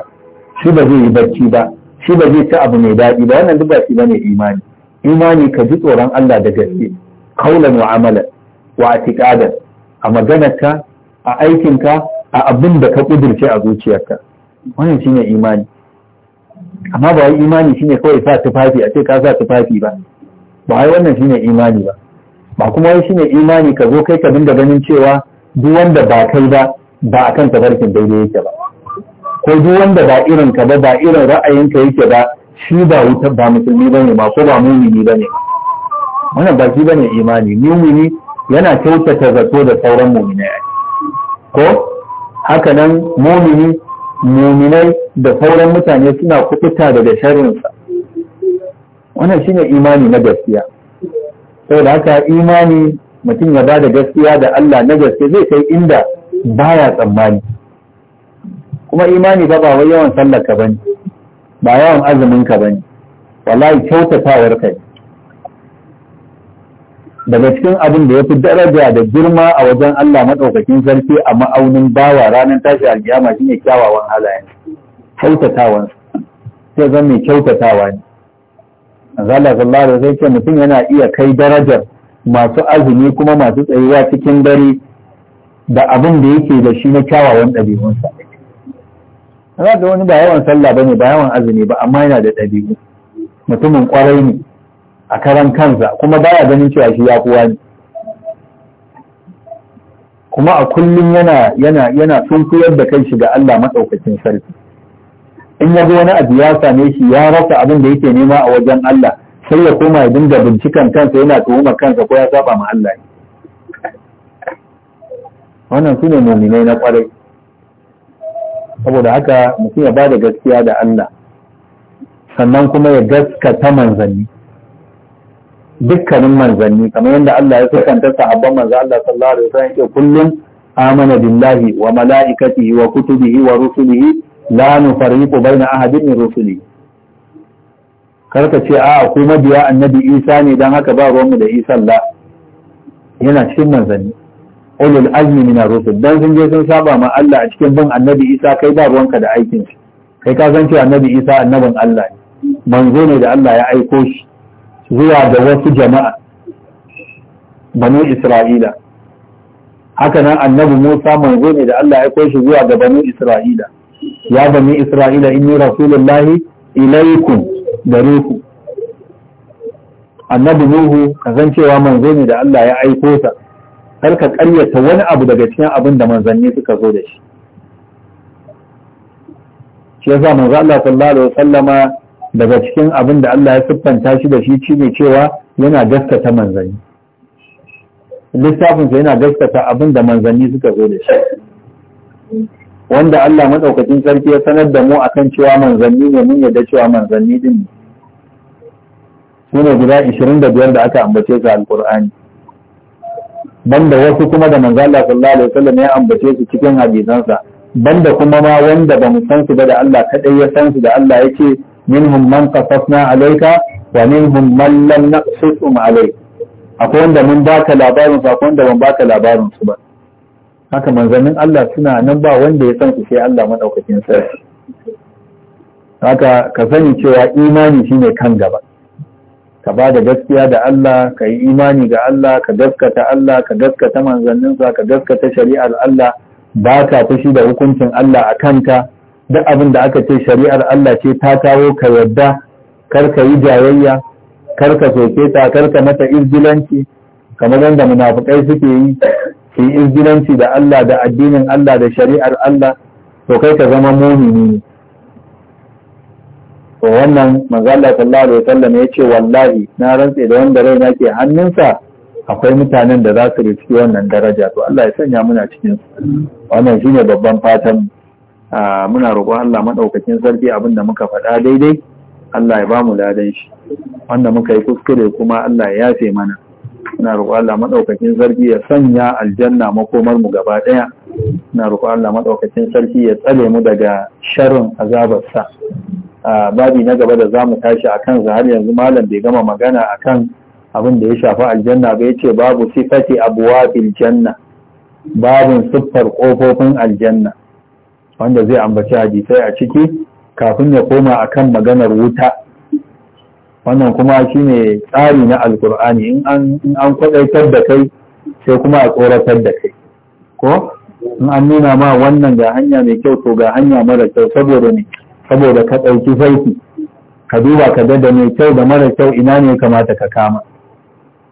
shi ba zai yi barci ba shi ba zai ci abu mai daɗi ba wannan duk ba shi bane imani imani ka ji tsoron Allah da gaske kaulan wa amalan wa atiqadan a maganarka a aikinka a abin da ka kudirce a zuciyarka wannan shine imani amma ba wai imani shine kawai sa tufafi a ce ka sa tufafi ba ba wai wannan shine imani ba ba kuma wai shine imani ka zo kai ka da ganin cewa duk wanda ba kai ba ba kan tabarkin daidai yake ba ko duk wanda ba irin ka ba ba irin ra'ayinka yake ba shi ba wuta ba musulmi bane ba ko ba mumini bane wannan ba shi bane imani mumini yana kyautata zato da sauran muminai ko haka nan mumini muminai da sauran mutane suna kuɓuta daga sharinsa wannan shi ne imani na gaskiya saboda haka imani mutum ya ba da gaskiya da Allah na gaske zai kai inda baya tsammani kuma imani ba ba yawan sallaka ba ne, ba yawan azumin ka bane wallahi kyautatawar kai daga cikin abin da ya fi daraja da girma a wajen Allah maɗaukakin sarki a ma'aunin bawa ranar tashi shi shine kyawawan halayen kyautatawan sai zan mai kyautatawa ne zala zalla da zai ce mutum yana iya kai darajar masu azumi kuma masu tsayuwa cikin dare da abin da yake da shi na kyawawan ɗabi'unsa za da wani ba yawan sallah bane ba yawan azumi ba amma yana da ɗabi'u mutumin kwarai ne a karan kansa kuma baya ganin cewa shi ya kowa ne kuma a kullum yana yana yana tunkuyar da kai shi ga Allah madaukakin sarki in ya zo wani abu ya same shi ya rasa abin da yake nema a wajen Allah sai ya koma ya dinga bincikan kansa yana tuhuma kansa ko ya saba ma Allah wannan su ne muminai na kwarai saboda haka mutum ya ba da gaskiya da Allah sannan kuma ya gaskata manzanni dukkanin manzanni kamar yadda Allah ya sukanta sahabban manzo Allah sallallahu alaihi wasallam yake kullum amana billahi wa malaikatihi wa kutubihi wa rusulihi la nufarriqu baina ahadin min rusuli karka ce a ku mabiya annabi Isa ne dan haka ba ruwanmu da Isa la yana cikin manzanni ulul azmi min ar-rusul dan sun je sun saba ma Allah a cikin bin annabi Isa kai ba ruwanka da aikin shi kai ka san cewa annabi Isa annabin Allah ne manzo ne da Allah ya aiko shi zuwa ga wasu jama'a banu isra'ila haka annabi musa manzo ne da Allah ya kai shi zuwa ga banu isra'ila ya bani isra'ila inni rasulullahi ilaikum gare annabi nuhu kasancewa manzo ne da Allah ya aiko sa kar ka karyata wani abu daga cikin abin da manzanni suka zo da shi shi yasa manzo Allah sallallahu alaihi wasallama daga cikin abin da Allah ya siffanta shi da shi shine cewa yana gaskata manzanni littafinsa yana gaskata abin da manzanni suka zo da shi wanda Allah maɗaukacin sarki ya sanar da mu akan cewa manzanni ne mun yadda cewa manzanni din ne su ne guda 25 da aka ambace su alkur'ani banda wasu kuma da manzo Allah sallallahu alaihi wasallam ya ambace su cikin hadisansa banda kuma ma wanda ba mu san su ba da Allah kadai ya san su da Allah yake minhum man na alaika, wa minhum man lam naqsusum akwai wanda mun baka labarin su akwai wanda ban baka labarin su ba haka manzannin Allah suna nan ba wanda ya san su sai Allah madaukakin sarki haka ka sani cewa imani shine kan gaba ka ba da gaskiya da Allah ka yi imani ga Allah ka gaskata Allah ka gaskata manzanninsa ka gaskata shari'ar Allah ba ka fushi da hukuncin Allah a kanka duk abin da aka ce shari'ar Allah ce ta kawo ka yarda karka yi jayayya karka ka soke ta kar ka mata izgilanci kamar yadda munafukai suke yi su izgilanci da Allah da addinin Allah da shari'ar Allah to kai ka zama mumini ne to wannan manzala sallallahu alaihi wasallam ya ce wallahi na rantse da wanda raina ke hannunsa akwai mutanen da za su riski wannan daraja to Allah ya sanya muna cikin wannan shine babban fatan mu Ah, muna roƙon Allah maɗaukakin sarki abinda muka faɗa daidai Allah ya bamu ladan shi wanda muka yi kuskure kuma Allah ya yafe mana muna roƙon Allah maɗaukakin sarki ya sanya aljanna makomar mu gaba ɗaya muna roƙon Allah maɗaukakin sarki ya tsare mu daga sharrin azabarsa ah, babi na gaba da zamu tashi akan har yanzu malam bai gama magana akan abin da ya shafi aljanna ba yace babu sifati abwabil janna babin siffar kofofin aljanna wanda zai ambaci hadisai a ciki kafin ya koma akan maganar wuta wannan kuma shine tsari na alkur'ani in an kwadaitar da kai sai kuma a tsoratar da kai ko in an nuna ma wannan ga hanya mai kyau to ga hanya mara kyau saboda ne saboda ka ɗauki saiti ka duba ka da mai kyau da mara kyau ina ne kamata ka kama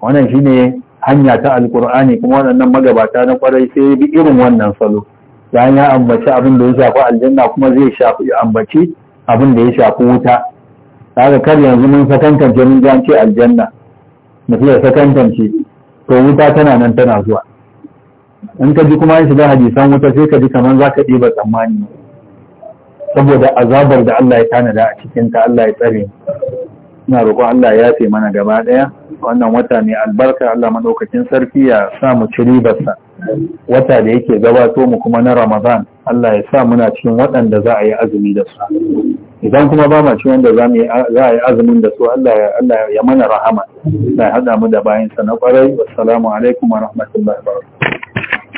wannan shine hanya ta alkur'ani kuma waɗannan magabata na kwarai sai bi irin wannan salo bayan ya ambaci abin da ya shafi aljanna kuma zai shafi ambaci abin da ya shafi wuta kaga kar yanzu mun sakantance mun ga ce aljanna mu ya sakantance to wuta tana nan tana zuwa in ka ji kuma ya shiga hadisan wuta sai ka ji kamar za ka ɗiba tsammani saboda azabar da Allah ya tanada a cikin ta Allah ya tsare ina roƙon Allah ya yafe mana gaba ɗaya wannan wata ne albarka Allah madaukakin sarki ya sa mu ci ribarsa wata da yake gabato mu kuma na Ramadan Allah ya sa muna cikin waɗanda za a yi azumi da su idan kuma ba ma cikin wanda za a yi azumin da su Allah ya mana rahama ya haɗa mu da bayansa na kwarai wassalamu alaikum wa rahmatullahi wa barakatuh